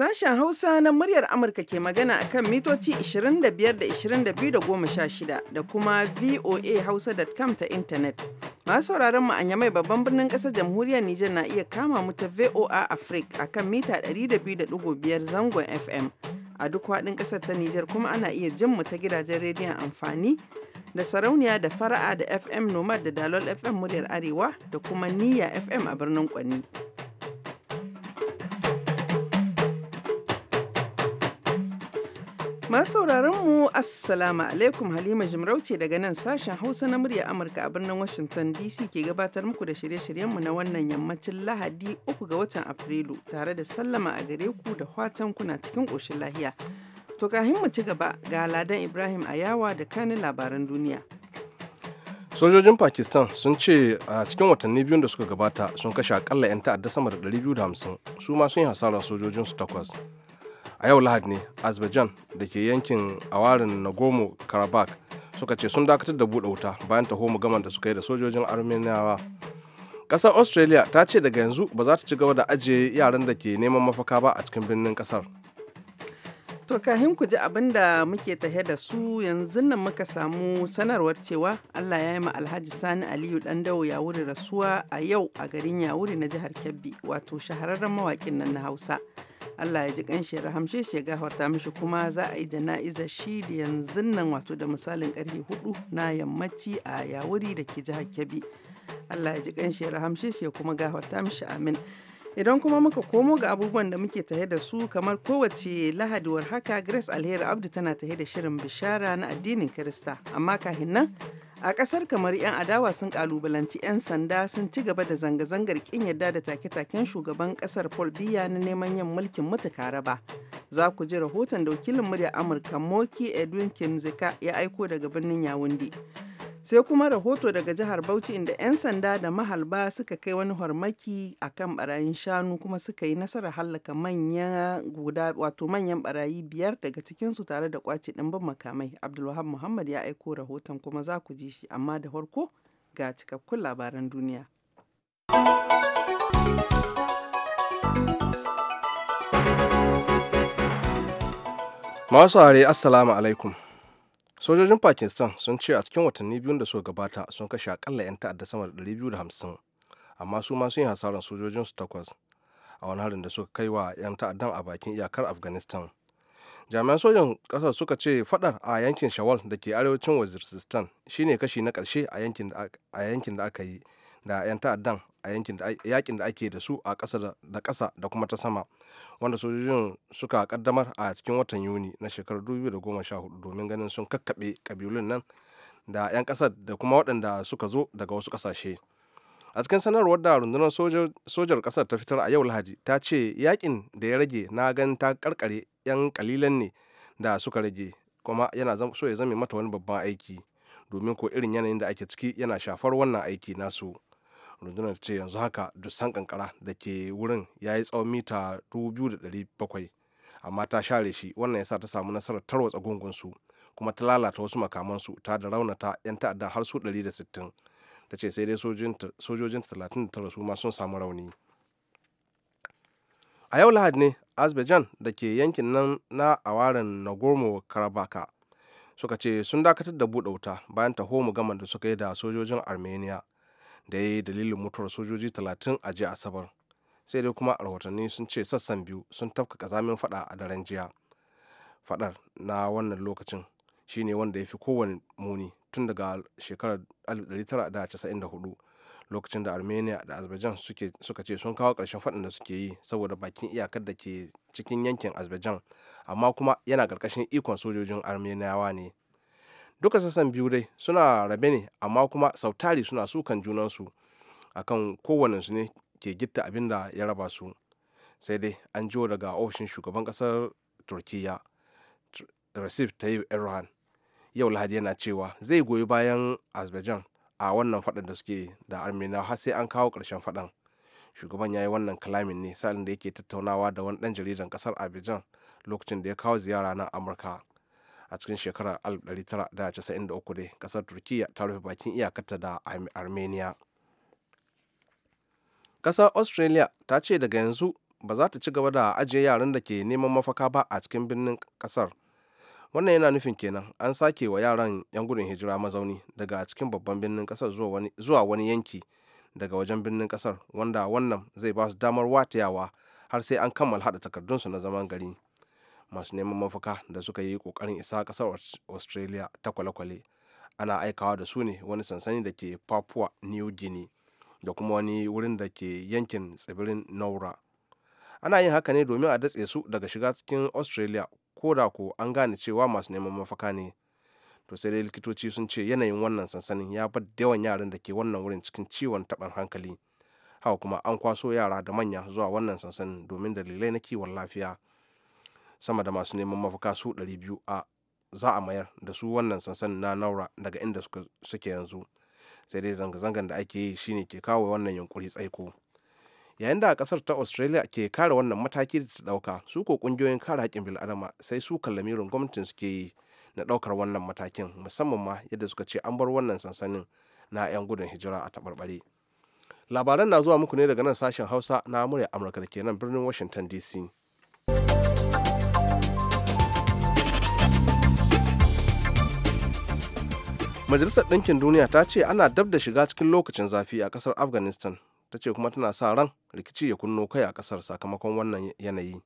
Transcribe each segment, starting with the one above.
Sashen Hausa na muryar Amurka ke magana a kan mitoci 25 da 22 da 16 da kuma voahausa.com ta intanet. Masu sauraron mu a mai babban birnin ƙasar jamhuriyar Nijar na iya kama mu ta VOA Africa a kan mita 200.5 zangon FM. A duk waɗin ƙasar ta Nijar kuma ana iya jin mu ta gidajen rediyon amfani da sarauniya da fara'a da FM Nomad da Dalol FM muryar Arewa da kuma niya FM a birnin kwanni. Masu mu Assalamu alaikum Halima Jimarauce daga nan sashen Hausa na murya Amurka a birnin Washington DC ke gabatar muku da shirye-shiryenmu na wannan yammacin Lahadi 3 ga watan Afrilu tare da sallama a gare ku da fatan kuna cikin ƙoshin lahiya. To kahin mu ci gaba ga Ladan Ibrahim Ayawa da kanin labaran duniya. Sojojin Pakistan sun ce a cikin watanni biyun da suka gabata sun kashe akalla 'yan ta'adda sama da 250 su ma sun yi hasarar sojojinsu takwas. a yau lahadi ne azerbaijan da ke yankin awarin nagomo karabakh suka ce sun dakatar da buɗe wuta bayan taho gaman da suka yi da sojojin armeniyawa ƙasar australia ta ce daga yanzu ba za ta ci gaba da ajiye yaran da ke neman mafaka ba a cikin birnin ƙasar To kahin ku ji abin da muke tahe da su yanzu nan muka samu sanarwar cewa Allah ya yi ma Alhaji Sani Aliyu dan dawo ya rasuwa a yau a garin Yawuri na jihar Kebbi wato shahararren mawakin nan na Hausa. Allah ya ji kanshi ya rahamshe shi ya gafarta mishi kuma za a yi jana'izar shi da yanzu nan wato da misalin karfe hudu na yammaci a yawuri da ke jihar Kebbi. Allah ya ji kanshi ya rahamshe shi ya kuma gafarta mishi amin. Idan kuma muka komo ga abubuwan da muke tahe da su kamar kowace lahadiwar haka Grace Alheri Abdu tana tahe da shirin bishara na addinin Kirista amma kahin nan A ƙasar kamar 'yan adawa sun kalubalanci 'yan sanda sun ci gaba da zanga-zangar ƙin yarda da take-taken shugaban ƙasar Paul Biya na neman yin mulkin mutuka raba. Za ku ji rahoton da wakilin murya Amurka Moki Edwin Kinzika ya aiko daga birnin Yawundi. sai kuma rahoto daga jihar bauchi inda 'yan sanda da mahalba suka kai wani hormaki a kan barayin shanu kuma suka yi nasarar hallaka manyan wato manyan barayi biyar daga cikinsu tare da kwace ɗimbin makamai abdulwahab muhammad ya aiko rahoton kuma za ku ji shi amma da farko ga cikakkun labaran duniya masu assalamu alaikum sojojin pakistan sun ce a cikin watanni biyun da suka gabata sun kashe akalla 'yan ta'adda sama da 250 amma su ma sun yi hasarar sojojinsu takwas a wani harin da suka kai wa 'yan ta'addan a bakin iyakar afghanistan jami'an sojan kasar suka ce fadar a yankin shawal da ke arewacin waziristan shine kashi na karshe a yankin da aka yi da 'yan ta'addan a yakin da ake da su a da ƙasa da kuma ta sama wanda sojojin suka kaddamar a cikin watan yuni na shekarar 2014 domin ganin sun kakkaɓe kabilun nan da 'yan ƙasar da kuma waɗanda suka zo daga wasu ƙasashe a cikin sanarwar da rundunar sojar ƙasar ta fitar a yau lahadi ta ce yakin da ya rage na ganin ta karkare 'yan kalilan ne da suka rage kuma yana so ya zame mata wani babban aiki domin ko irin yanayin da ake ciki yana shafar wannan aiki nasu. rundunar ce yanzu haka dusan kankara da ke wurin ya yi tsawon mita 2,700 amma ta share shi wannan ya sa ta samu nasarar tarwatsa gungunsu kuma ta lalata wasu makamansu ta da raunata 'yan ta'addan har su 160 ta ce sai dai sojojin 39 su ma sun samu rauni a yau lahadi ne azerbaijan da ke yankin nan na awarin nagorno karabaka suka ce sun dakatar da buɗe wuta bayan taho gama da suka yi da sojojin armenia da ya yi dalilin mutuwar sojoji talatin a jiya asabar sai dai kuma a rahotanni sun ce sassan biyu sun tafka kazamin fada a daren jiya fadar na wannan lokacin shine wanda ya fi kowane muni tun daga shekarar 1994 lokacin da armenia da azerbaijan suka ce sun kawo karshen fadin da suke yi saboda bakin iyakar da ke cikin yankin azerbaijan amma kuma yana ƙarƙashin ikon sojojin armeniyawa ne duka sassan biyu dai suna rabe ne amma kuma sautari suna sukan junansu akan su ne ke gitta abin da ya raba su sai dai an jiwo daga ofishin shugaban kasar turkiya recep tayyip erdogan yau lahadi yana cewa zai goyi bayan azerbaijan a wannan faɗan da suke da armenia har sai an kawo karshen faɗan shugaban ya yi wannan kalamin ne sa'ilin da yake tattaunawa da wani dan jaridan kasar abidjan lokacin da ya kawo ziyara na amurka a cikin shekarar 1993 dai kasar turkiya ta rufe bakin iyakarta da armenia kasar australia ta ce daga yanzu ba za ta ci gaba da ajiye yaran da ke neman mafaka ba a cikin birnin kasar wannan yana nufin kenan an sake wa yaran 'yan gudun hijira mazauni daga cikin babban birnin kasar zuwa wani yanki daga wajen birnin kasar wanda wannan zai ba su damar watayawa har sai an kammala haɗa takardunsu na zaman gari masu neman mafaka da suka yi kokarin isa kasar australia ta kwale-kwale ana aikawa da su ne wani sansani da ke papua new guinea da kuma wani wurin da ke yankin tsibirin naura ana yin haka ne domin a datse su daga shiga cikin australia ko da ko an gane cewa masu neman mafaka ne to sai dai likitoci sun ce yanayin wannan sansanin ya bar da yawan yaran da ke wannan wurin cikin ciwon taɓin hankali haka kuma an kwaso yara da manya zuwa wannan sansanin domin dalilai na kiwon lafiya sama da masu neman mafaka su 200 a za a mayar da su wannan sansanin na naura daga inda suke yanzu sai dai zanga-zangan da ake yi shine ke kawo wannan yunkuri tsaiko yayin da a kasar ta australia ke kare wannan mataki da ta dauka su ko kungiyoyin kare haƙƙin bil'adama sai su kallamirin gwamnatin suke yi na daukar wannan matakin musamman ma yadda suka ce an bar wannan sansanin na 'yan gudun hijira a taɓarɓare labaran na zuwa muku ne daga nan sashen hausa na murya amurka da ke nan birnin washington dc majalisar ɗinkin duniya ta ce ana dab da shiga cikin lokacin zafi a ƙasar afghanistan ta ce kuma tana sa ran rikici ya kunno kai a ƙasar sakamakon wannan yanayi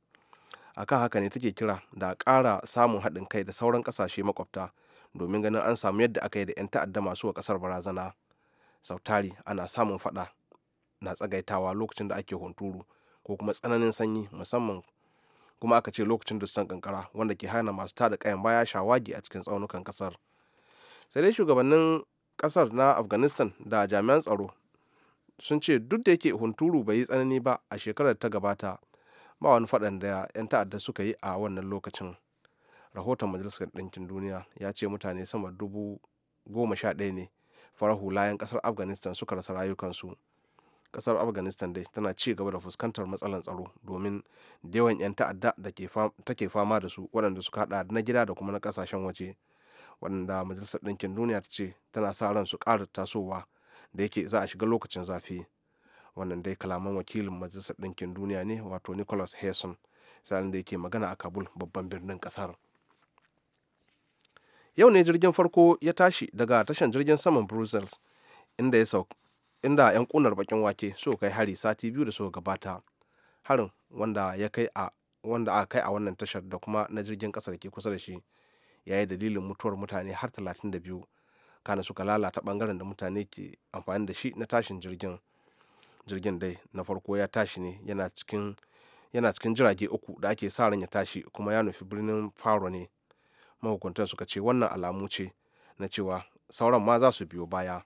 kan haka ne take kira da ƙara samun haɗin kai da sauran ƙasashe makwabta domin ganin an samu yadda aka yi da 'yan ta'adda masu wa ƙasar barazana sautari ana samun faɗa na tsagaitawa lokacin da ake hunturu ko kuma tsananin sanyi musamman kuma aka ce lokacin da dusan kankara wanda ke hana masu tada kayan baya shawagi a cikin tsaunukan ƙasar. sai dai shugabannin kasar na afghanistan da jami'an tsaro sun ce duk da yake hunturu bai yi tsanani ba a shekarar ta gabata ba wani faɗan da 'yan ta'adda suka yi a wannan lokacin rahoton majalisar ɗinkin duniya ya ce mutane sama dubu goma sha ɗaya ne farar hulayen ƙasar afghanistan suka rasa rayukansu ƙasar afghanistan dai tana ci gaba da fuskantar matsalar tsaro domin da yawan 'yan ta'adda da take fama da su waɗanda suka haɗa na gida da kuma na ƙasashen waje waɗanda majalisar ɗinkin duniya ta ce tana sa ran su ƙara tasowa da yake za a shiga lokacin zafi wannan dai kalaman wakilin majalisar ɗinkin duniya ne wato nicholas hesson sa'in da yake magana a kabul babban birnin ƙasar yau ne jirgin farko ya tashi daga tashan jirgin saman brussels inda ya 'yan kunar bakin wake suka kai hari sati biyu da suka gabata harin wanda ya kai a wanda kai a wannan tashar da kuma na jirgin kasar ke kusa da shi ya yi dalilin mutuwar mutane har 32 kana suka lalata bangaren da mutane ke amfani da shi na tashin jirgin jirgin dai na farko ya tashi ne yana cikin jirage uku da ake sa ran ya tashi kuma ya nufi birnin faro ne mahukuntan suka ce wannan alamu ce na cewa sauran ma za su biyo baya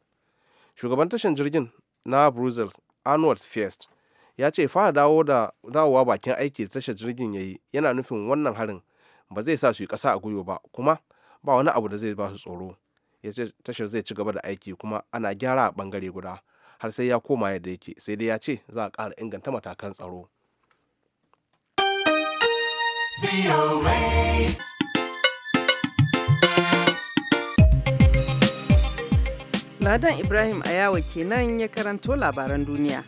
shugaban tashin jirgin na brussels arnold fiest ya ce fara dawo da dawowa bakin aiki da tashar jirgin ya yi yana nufin wannan harin ba zai sa su yi ƙasa a gwiwa ba kuma ba wani abu da zai ba su tsoro ya ce tashar zai ci gaba da aiki kuma ana gyara a bangare guda har sai ya koma yadda yake sai dai ya ce za a kara inganta matakan tsaro Ladan Ibrahim Ayawa kenan ya karanto labaran duniya.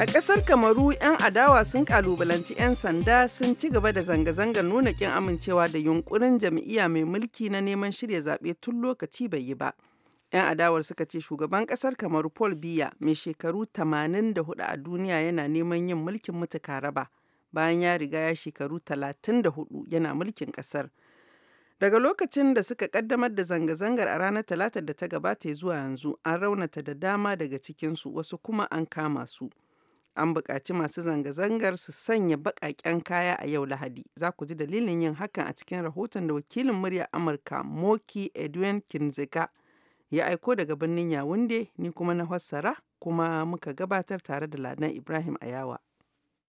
A ƙasar Kamaru 'yan adawa sun kalubalanci 'yan sanda sun ci gaba da zanga-zangar nuna ƙin amincewa da yunƙurin jam'iyya mai mulki na neman shirya zaɓe tun lokaci bai yi ba. 'Yan adawar suka ce shugaban ƙasar Kamaru Paul Biya mai shekaru 84 a duniya yana neman yin mulkin mutuka raba bayan ya riga ya shekaru 34 yana mulkin ƙasar. Daga lokacin da suka kaddamar da zanga-zangar a ranar Talatar da ta gabata zuwa yanzu an raunata da dama daga cikinsu wasu kuma an kama su. An buƙaci masu zanga-zangar su sanya baƙaƙen kaya a yau Lahadi. Za ku ji dalilin yin hakan a cikin rahoton da wakilin muryar Amurka Moki Edwin Kinziga ya aiko daga birnin Yawunde ni kuma na hassara kuma muka gabatar tare da Ladan Ibrahim Ayawa.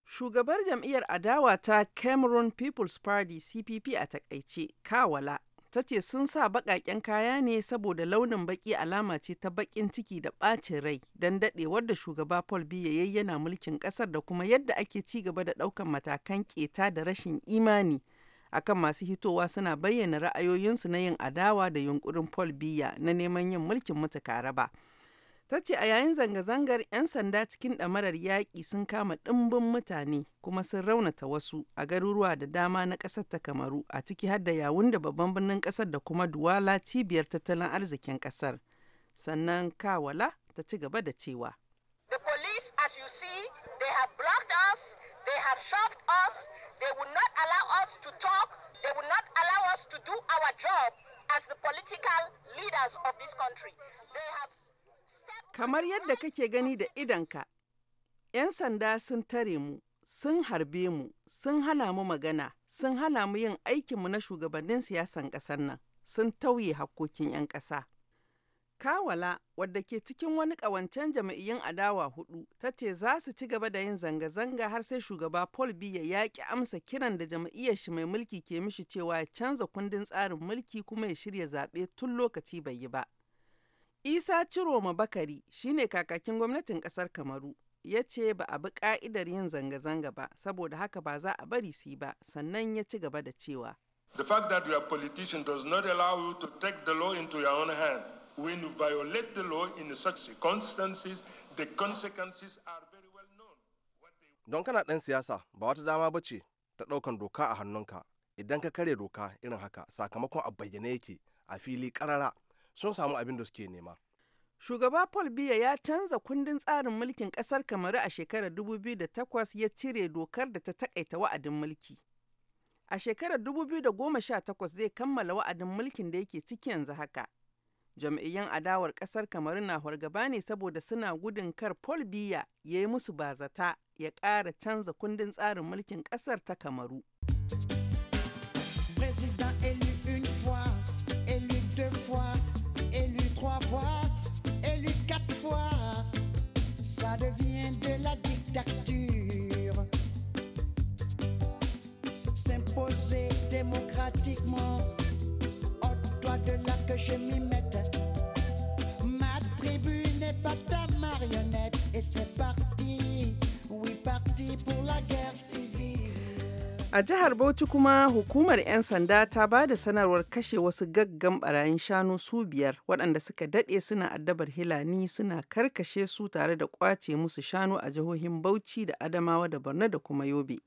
Shugabar jam'iyyar adawa ta Cameroon People's Party CPP a takaice, Kawala ta ce sun sa baƙaƙen kaya ne saboda launin baƙi alama ce ta baƙin ciki da ɓacin rai don daɗewar da shugaba paul biya yayi yana mulkin ƙasar da kuma yadda ake ci gaba da ɗaukan matakan ƙeta da rashin imani akan masu hitowa suna bayyana ra'ayoyinsu na yin adawa da yunkurin paul biya na neman yin mulkin mutu ba. ta ce a yayin zanga-zangar 'yan sanda cikin ɗamarar yaƙi sun kama ɗimbin mutane kuma sun raunata wasu a garuruwa da dama na ƙasar ta kamaru a ciki har da yawun da babban birnin ƙasar da kuma duwala cibiyar tattalin arzikin ƙasar sannan kawala ta ci gaba da cewa the police as you see they have blocked us they have shoved us they not allow to talk they not allow us to do our job as the political leaders of this country they have Kamar yadda kake gani da idanka, 'yan sanda sun tare mu, sun harbe mu, sun hana mu magana, sun hana mu yin aikinmu na shugabannin siyasan ƙasar nan, sun tauye hakkokin 'yan ƙasa. Kawala, wadda ke cikin wani ƙawancen jama'iyyun adawa hudu, ta ce za su ci gaba da yin zanga-zanga har sai shugaba Paul Biya ya ƙi amsa kiran da jama'iyyar shi mai mulki ke mishi cewa ya canza kundin tsarin mulki kuma ya shirya zaɓe tun lokaci bai yi ba. Isa Ciroma Bakari shine kakakin gwamnatin kasar Kamaru ya ce ba a bi ka'idar yin zanga-zanga ba saboda haka ba za a bari su ba sannan ya ci gaba da cewa. The fact that you are politician does not allow you to take the law into your own hand. When you violate the law in such circumstances, the consequences are very well known. Don kana dan siyasa ba wata dama ba ce ta daukan doka a hannunka idan ka kare doka irin haka sakamakon a bayyane yake a fili karara. sun samu abin da suke nema. Shugaba Paul Biya ya canza kundin tsarin mulkin ƙasar Kamaru a shekarar 2008 ya cire dokar da ta takaita wa'adin mulki. A shekarar 2018 zai kammala wa'adin mulkin da yake ciki yanzu haka. Jam'iyyan adawar ƙasar Kamaru na hargaba ne saboda suna gudun kar Paul Biya ya yi musu bazata ya ƙara canza kundin tsarin mulkin ƙasar ta Kamaru. démocratiquement. toi A jihar Bauchi kuma hukumar 'yan sanda ta ba da sanarwar kashe wasu gaggan barayin shanu su biyar waɗanda suka daɗe suna addabar hilani suna karkashe su tare da kwace musu shanu a jihohin Bauchi da Adamawa da Borno da kuma Yobe.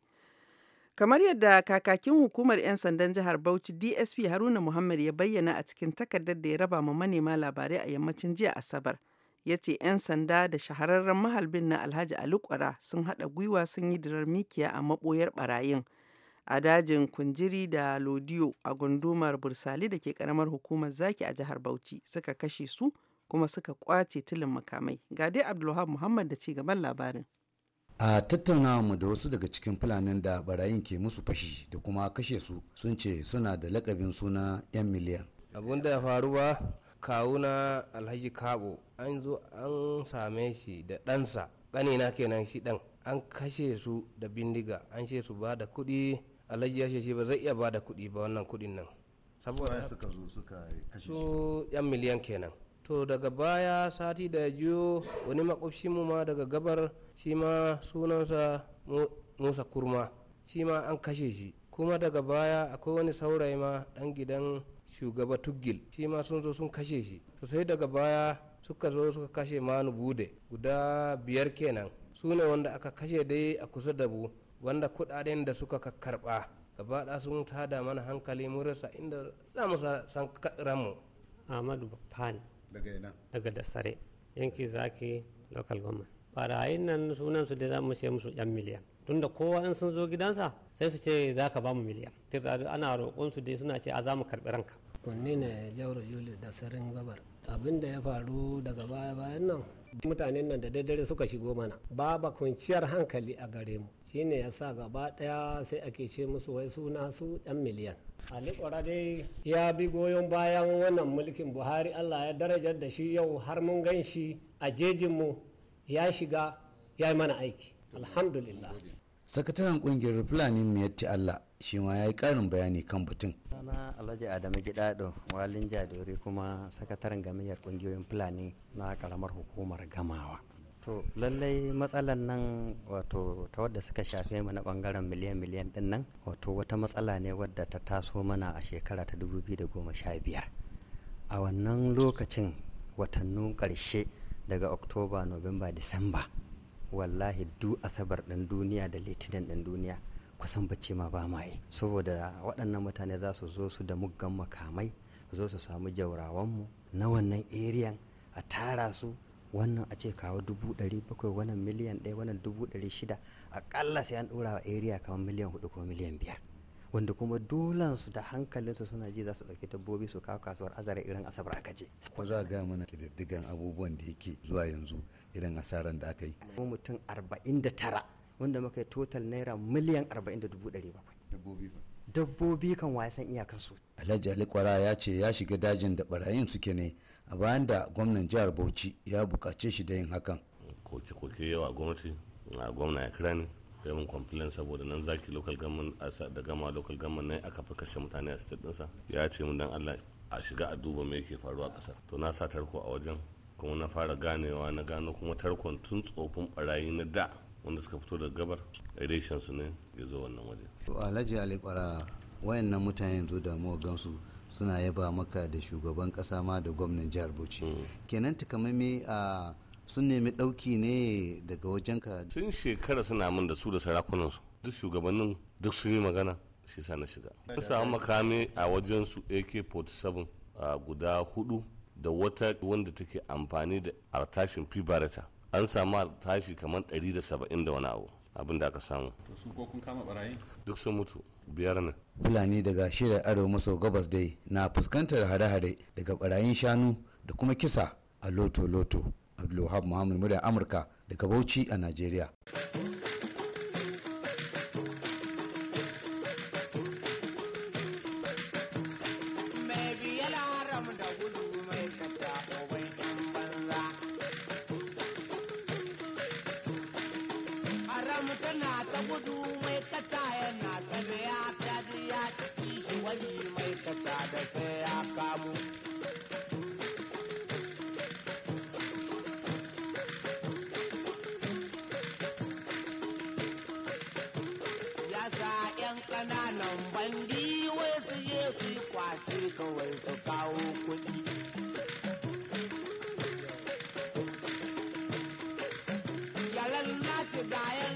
Kamar yadda kakakin hukumar 'yan sandan jihar Bauchi DSP Haruna Muhammad ya bayyana a cikin takardar da ya raba ma manema labarai a yammacin jiya Asabar. Ya ce 'yan sanda da shahararren mahalbin na Alhaji alukwara sun haɗa gwiwa sun yi dirar mikiya a maɓoyar barayin a dajin kunjiri da lodiyo a gundumar bursali da ke karamar hukumar zaki a jihar bauchi suka kashe su kuma suka kwace tilin makamai ga dai abdulwahab muhammad da ci gaban labarin a tattaunawa mu da wasu daga cikin fulanin da barayin ke musu fashi da kuma kashe su sun ce suna da lakabin suna 'yan miliyan abun da ya faruwa kawuna alhaji kabo an zo an same shi da ɗansa ƙanina kenan shi ɗan an kashe su da bindiga an ce su ba da kuɗi alhaji ya shi ba zai iya ba da kuɗi ba wannan kuɗin nan saboda suka zo suka kashe su yan miliyan kenan to daga baya sati da jiyo wani makwabci mu ma daga gabar shi ma sunansa musa kurma shi ma an kashe shi kuma daga baya akwai wani saurayi ma dan gidan shugaba tuggil shi ma sun zo sun kashe shi to sai daga baya suka zo suka kashe manu bude guda biyar kenan su ne wanda aka kashe dai a kusa da bu wanda kudaden da suka karba gaba da sun tada mana hankali mu rasa inda za mu san ranmu ahmadu bakfani daga ina daga dasare yanki zaki local government barayin nan sunan su da za mu ce musu yan miliyan tunda kowa in sun zo gidansa sai su ce za ka ba mu miliyan tirda ana roƙon su dai suna ce a za mu karɓi ranka kunni ne jauro yuli da sarin gabar abin da ya faru daga baya bayan nan mutanen nan da daddare suka shigo mana babu kwanciyar hankali a gare mu shine ya sa gaba daya sai ake ce musu wai suna su yan miliyan Ali dai ya bi goyon bayan wannan mulkin Buhari Allah ya darajar da shi yau har mun gan shi a jejinmu ya shiga ya yi mana aiki. Alhamdulillah. Sakataren kungiyar Fulani Miyatti Allah shi ma ya yi karin bayani kan batun. Sana Alhaji Adamu Gidado Walin Jadori kuma sakataren gamayyar kungiyoyin Fulani na karamar hukumar Gamawa. to lallai matsalan nan wato ta wadda suka shafe mu na bangaren miliyan miliyan din nan wato wata matsala ne wadda ta taso mana a shekara ta goma sha biyar a wannan lokacin watannin karshe daga oktoba nobamba disamba wallahi du asabar ɗin duniya da litinin ɗin duniya kusan bacci ma ba ma yi saboda waɗannan mutane za su zo su da muggan makamai zo su samu jaurawanmu na wannan eriyan a tara su wannan a ce kawo dubu ɗari bakwai wannan miliyan ɗaya wannan dubu ɗari shida aƙalla sai an ɗora wa area kamar miliyan hudu ko miliyan biyar wanda kuma dolansu da hankalinsu suna ji za su ɗauki dabbobi su kawo kasuwar azara irin asabar aka je. ko za ga mana kididdigan abubuwan da yake zuwa yanzu irin asaran da aka yi. mutum arba'in da tara wanda muka yi total naira miliyan arba'in da dubu ɗari bakwai. dabbobi kan wasan iyakansu. alhaji alikwara ya ce ya shiga dajin da barayin suke ne a bayan da gwamnan jihar bauchi ya bukace shi da yin hakan koke-koke yawa gwamnati a gwamna ya kira ni ya mun saboda nan zaki local government da gama local government ne aka fi kashe mutane a state dinsa ya ce mun dan Allah a shiga a duba me yake faruwa kasar to na sa tarko a wajen kuma na fara ganewa na gano kuma tarkon tun tsofin barayi na da wanda suka fito daga gabar irishin su ne ya zo wannan waje to alhaji ali kwara wayannan mutane yanzu da mu gansu suna yaba maka da shugaban kasa ma da gwamnan jihar bauchi mm. kenan me a sun nemi ɗauki ne daga wajen ka. sun shekara suna min da su da sarakunansu duk shugabannin duk sun yi magana shi sa na shiga sun samu makami a wajen su ak-47 a guda hudu da wata wanda take amfani da artashin fibarata an samu artashi kamar 170 da wani abu abin da aka samu to sun ko kun kama barayi duk sun mutu biyar ne fulani daga shirya arewa maso gabas dai na fuskantar hare-hare daga barayin shanu da kuma kisa a loto-loto abdulwahab muhammad murya amurka daga bauchi a najeriya tana ta gudu mai kata yana Diane.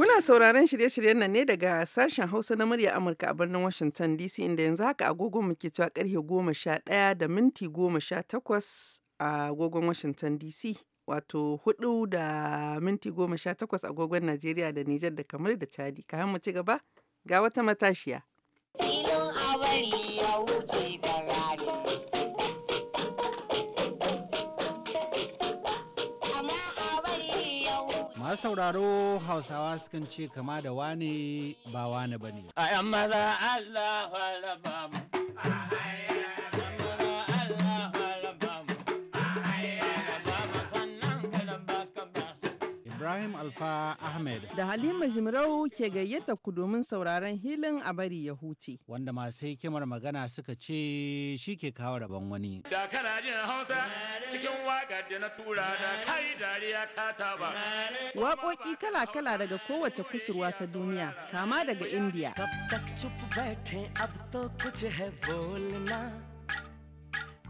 Kuna sauraron shirye-shiryen nan ne daga sashen Hausa na murya Amurka a birnin Washington DC inda yanzu haka agogon muke cewa karfe goma sha ɗaya da minti goma sha takwas a agogon Washington DC wato hudu da minti goma sha takwas agogon Najeriya da Nijar da kamar da Chadi. Ka mu ci gaba ga wata matashiya. Ilon abari ya wuce sauraro hausawa sukan ce kama da wane ba wane ba ne. A ‘yan maza Allah ba Ibrahim Alfa Ahmed. Da Halima Jimrau ke gayyata ku domin sauraron hilin a bari ya huce. Wanda masu hikimar magana suka ce shi ke kawo rabon wani. Da kana jin Hausa cikin waka da na tura da kai dariya ka taba. Waƙoƙi kala-kala daga kowace kusurwa ta duniya kama daga India.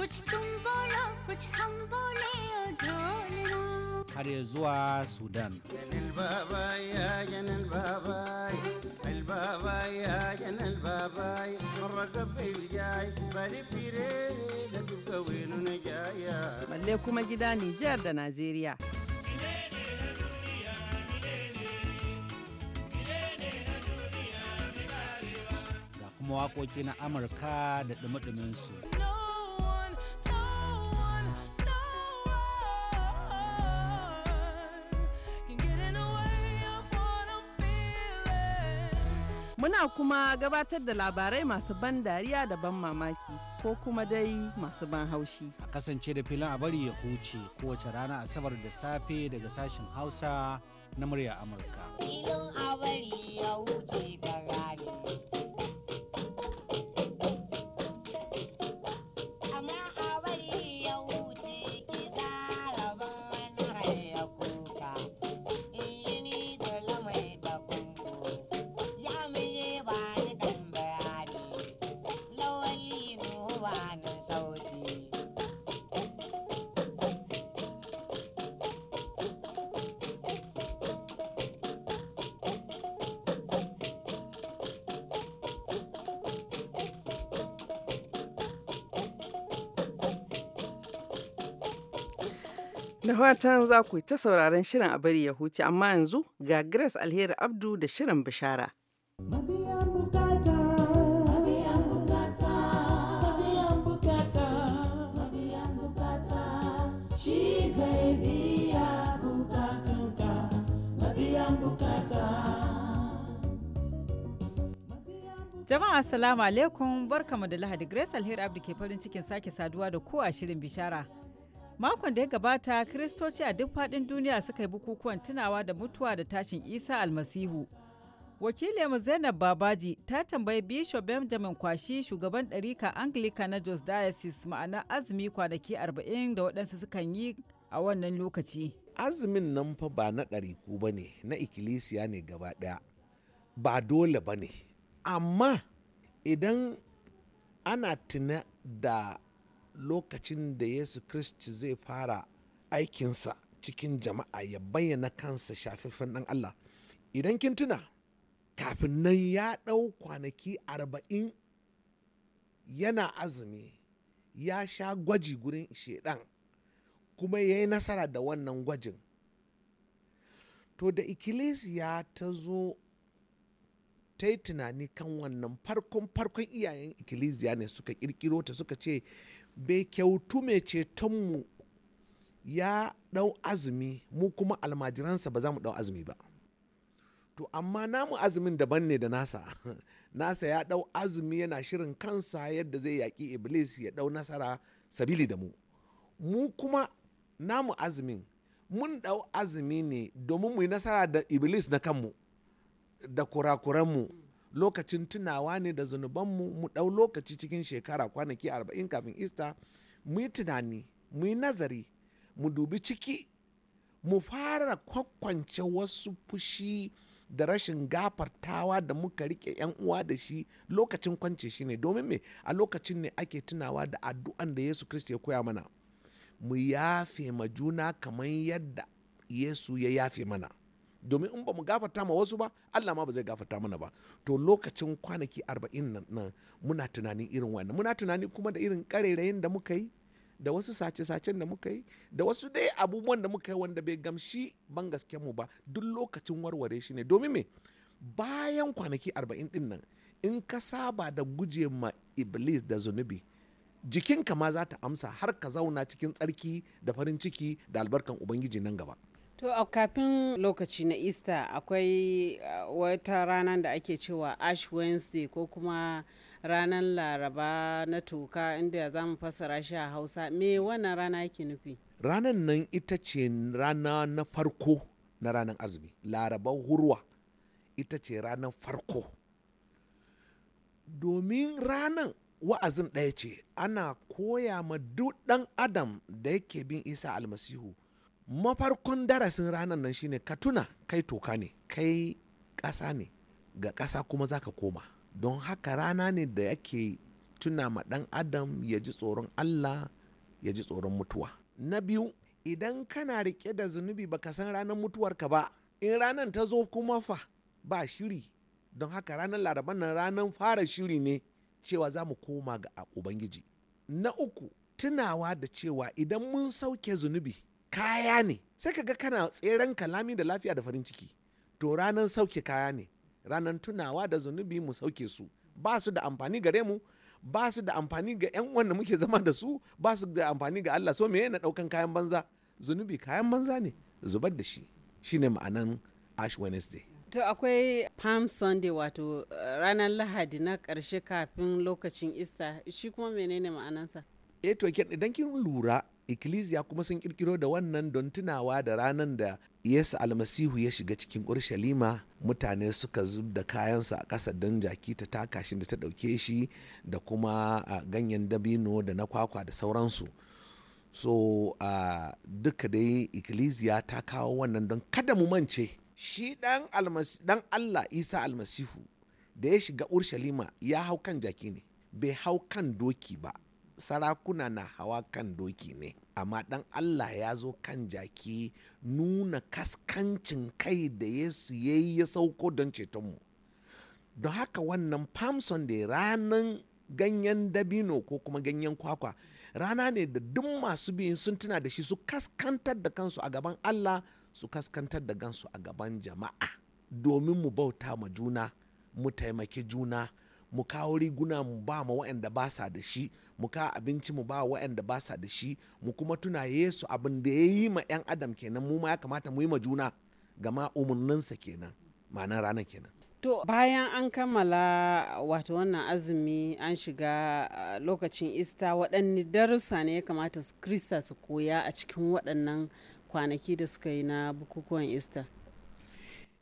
कुछ तुम बोलो कुछ हम बोले और ढोलना har ya zuwa Sudan. Balle kuma gida Nijar da Najeriya. Ga kuma waƙoƙi na Amurka da ɗumi Muna kuma gabatar da labarai masu ban dariya da ban mamaki ko kuma dai masu ban haushi. A kasance da filin a bari ya huce kowace rana Asabar da safe daga sashen Hausa na murya Amurka. Filin a bari ya huce Da fatan za ku ta sauraron shirin a bari ya huce amma yanzu ga Grace Alheri Abdu da shirin bishara. Jama'a Assalamu alaikum barkamu da Lahadi Grace Alheri Abdu ke farin cikin sake saduwa da ku a shirin bishara. Makon da ya gabata, Kiristoci a duk faɗin duniya suka yi bukukuwan tunawa da mutuwa da tashin Isa almasihu. mu Zainab Babaji ta tambayi Bishop Benjamin Kwashi shugaban ɗarika Anglika na Jos Diocese ma'ana azumi kwanaki arba'in da waɗansu sukan yi a wannan lokaci. Azumin nan fa ba na ɗariku ba ne, na ikkilisiya ne gaba ɗaya. Ba dole ba ne. Amma idan ana tuna da lokacin da yesu kristi zai fara aikinsa cikin jama'a ya bayyana kansa shafiffen ɗan allah idan kin tuna kafin nan ya ɗau kwanaki arba'in yana azumi ya sha gwaji gurin shedan kuma ya yi nasara da wannan gwajin to da ikkilisiya ta zo ta yi tunani kan wannan farkon farkon iyayen ikkilisiya ne suka kirkiro ta suka ce bai kyautu mai cetonmu ya ɗau azumi mu kuma almajiransa ba za mu ɗau azumi ba to amma namu azumin daban ne da nasa nasa ya ɗau azumi yana shirin kansa yadda zai yaki iblis ya ɗau nasara sabili da mu mu kuma namu azumin mun ɗau azumi ne domin mu yi nasara da iblis na kanmu da kurakuranmu lokacin tunawa ne da zunubanmu mu ɗau lokaci cikin shekara kwanaki arba'in kafin ista mu yi tunani mu yi nazari mu dubi ciki mu fara kwakwance wasu fushi da rashin gafartawa da muka rike yan uwa da shi lokacin kwance shi ne domin me a lokacin ne ake tunawa da addu'an da yesu kristi ya koya mana mu yafe ma juna kamar yadda yesu ya yafe mana domin in ba mu gafarta ma wasu ba Allah ma ba zai gafarta mana ba to lokacin kwanaki arba'in nan muna tunanin irin wannan muna tunani kuma da irin karerayin da muka yi da wasu sace-sacen da muka yi da wasu dai abubuwan da muka yi wanda bai gamshi ban gaske mu ba duk lokacin warware shi ne domin me bayan kwanaki arba'in din nan in ka saba da guje ma iblis da zunubi jikinka ma za ta amsa har ka zauna cikin tsarki da farin ciki da albarkan ubangiji nan gaba To a kafin lokaci na Easter akwai uh, wata ranar da ake cewa Ash Wednesday ko kuma ranar Laraba na toka inda za mu fassara shi a Hausa. Me wannan rana yake nufi? Ranar nan ita ce rana na farko na ranar azumi. Laraba hurwa ita ce ranar farko. Domin ranar wa'azin ɗaya ce ana koya ma duk ɗan adam da yake bin Isa almasihu mafarkon darasin ranar nan shine ka tuna kai toka ne kai ƙasa ne ga ƙasa kuma za ka koma don haka rana ne da yake tuna ma ɗan adam ya ji tsoron allah ya ji tsoron mutuwa na biyu idan kana riƙe da zunubi baka san ranar mutuwarka ba in ranar ta zo kuma fa ba shiri don haka ranar laraban nan ranar fara shiri ne cewa za mu koma ga ubangiji na uku tunawa da cewa idan mun sauke zunubi kaya ne sai ka ga kana tseren kalami da lafiya da farin ciki to ranar sauke kaya ne ranar tunawa da zunubi mu sauke su ba su da amfani gare mu ba su da amfani ga 'yan wanda muke zama da su ba su da amfani ga Allah so me na daukan kayan banza zunubi kayan banza ne zubar da shi shine ma'anan ash wednesday to akwai palm sunday wato eh, ranar lahadi na karshe kafin lokacin isa shi kuma menene ma'anansa eh to idan kin lura ikkilisiya kuma sun kirkiro da wannan don tunawa da ranar da yesu almasihu ya shiga cikin urshalima mutane suka zub da kayansu a ƙasa don jaki ta taka da ta ɗauke shi da kuma ganyen dabino da na kwakwa da sauransu so a duka dai ikkilisiya ta kawo wannan don kada mu mance shi dan, allah isa almasihu da ya shiga urshalima ya hau kan jaki ne bai hau kan doki ba sarakuna na hawa kan doki ne amma dan Allah ya zo kan jaki nuna kaskancin kai da Yesu ya yi ya sauko don cetonmu don haka wannan palm sunday ranan ganyen dabino ko kuma ganyen kwakwa rana ne da duk masu biyun sun tuna da shi su kaskantar da kansu a gaban Allah su kaskantar da gansu a gaban jama'a domin mu bauta ma juna mu taimaki juna mu kawo riguna mu ba ma waɗanda ba sa da shi mu ka abinci mu ba waɗanda ba sa da shi mu kuma tuna yesu abin da ya yi ma 'yan adam kenan mu ma ya kamata mu yi ma juna gama umarninsa kenan ma'ana ranar kenan to bayan an kammala wato wannan azumi an shiga ah, lokacin ista waɗanne darussa ne ya kamata kirista krista su koya a cikin waɗannan kwanaki da suka yi na bukukuwan ista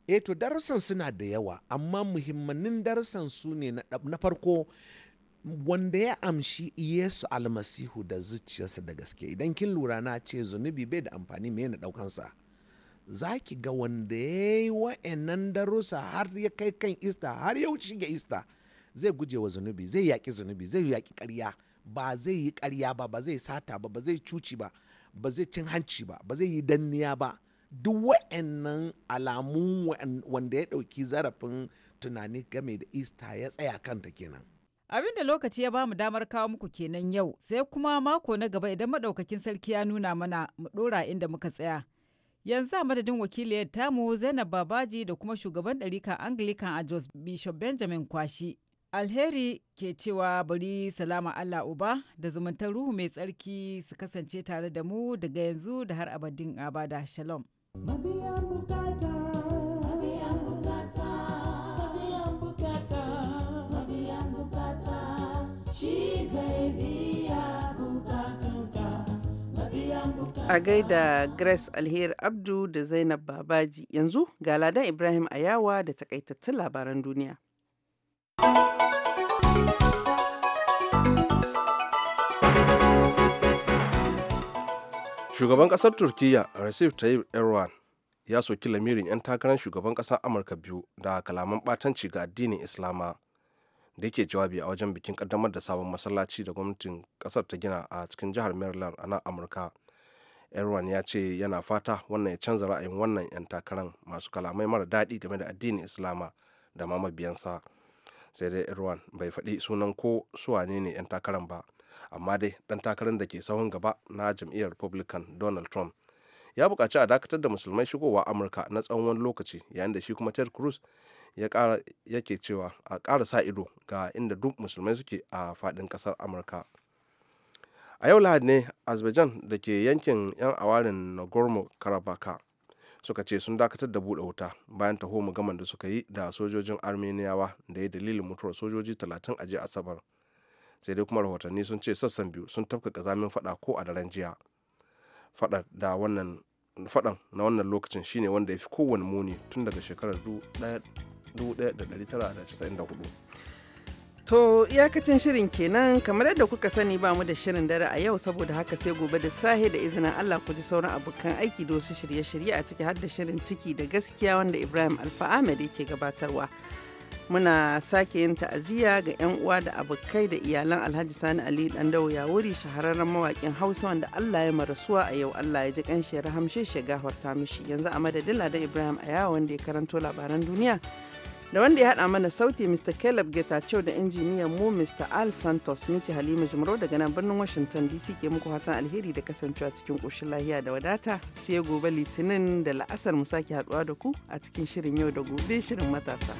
eto eh, to darussan suna da yawa amma muhimmanin darussan su ne na farko wanda ya amshi yesu almasihu da zuciyarsa da gaske idan kin lura na ce zunubi bai da amfani mai na daukansa za ki ga wanda ya yi wa'annan darussa har ya kai kan ista har ya wuce ga ista zai guje wa zunubi zai yaki zunubi zai yaki karya ba zai yi karya ba ba zai sata ba ba zai cuci ba ba zai cin hanci ba ba zai yi danniya ba duk wa'annan alamun wanda ya ɗauki zarafin tunani game da ista ya tsaya kanta kenan. Abin da lokaci ya bamu damar kawo muku kenan yau, sai kuma mako na gaba idan madaukakin sarki ya nuna mana mu dora inda muka tsaya. Yanzu a madadin wakiliyar tamu Zainab Babaji da kuma shugaban ɗarikan Anglican a Jos Bishop Benjamin Kwashi. Alheri ke cewa bari salama Allah Uba da zumuntar Ruhu mai tsarki su kasance tare da mu daga yanzu da har abadin abada. Shalom. A gaida Grace Alheri Abdu da Zainab Babaji yanzu ga Ladan Ibrahim Ayawa da takaitattun labaran duniya. Shugaban kasar Turkiyya Recep Tayyip Erdogan ya soki lamirin 'yan takarar shugaban ƙasar Amurka biyu da kalaman ɓatanci ga addinin Islama da yake jawabi a wajen bikin ƙaddamar da sabon masallaci da gwamnatin ƙasar ta gina a cikin jihar Maryland a nan Amurka. erwan ya ce yana fata wannan ya canza ra'ayin wannan 'yan takarar masu kalamai mara daɗi game da addinin islama da ma mabiyansa sai dai erwan bai faɗi sunan ko suwane ne 'yan takarar ba amma dai ɗan takarar da ke sahun gaba na jam'iyyar republican donald trump ya buƙaci a dakatar da musulmai shigowa amurka na tsawon wani lokaci yayin da shi kuma ted cruz yake cewa a ƙara sa ido ga inda duk musulmai suke a faɗin ƙasar amurka a yau lahadi ne azerbaijan da ke yankin 'yan awarin nagorno karabaka suka ce sun dakatar da buɗe wuta bayan taho gaman da suka yi da sojojin armeniyawa da ya dalilin mutuwar sojoji 30 a jiya asabar sai dai kuma rahotanni sun ce sassan biyu sun tafka kazamin fada ko a daren jiya fadan na wannan lokacin shine wanda ya fi kowane muni tun daga shekarar 1994 To iyakacin shirin kenan kamar yadda kuka sani ba mu da shirin dare a yau saboda haka sai gobe da sahe da izinin Allah ku ji sauran abokan aiki da wasu shirye-shirye a ciki har da shirin ciki da gaskiya wanda Ibrahim Alfa Ahmed yake gabatarwa. Muna sake yin ta'aziyya ga 'yan uwa da abokai da iyalan Alhaji Sani Ali ya wuri shahararren mawakin Hausa wanda Allah ya marasuwa a yau Allah ya ji kanshi ya rahamshe shi gafarta mishi yanzu a madadin Ladan Ibrahim Ayawa wanda ya karanto labaran duniya. da wanda ya haɗa mana sauti Mr. Caleb Getachew da injiniyan mu Mr. Al Santos ni ce Halima Jumro daga nan birnin Washington DC ke muku hatan alheri da kasancewa cikin ƙoshin lahiya da wadata sai gobe Litinin da la'asar mu sake haɗuwa da ku a cikin shirin yau da gobe shirin matasa.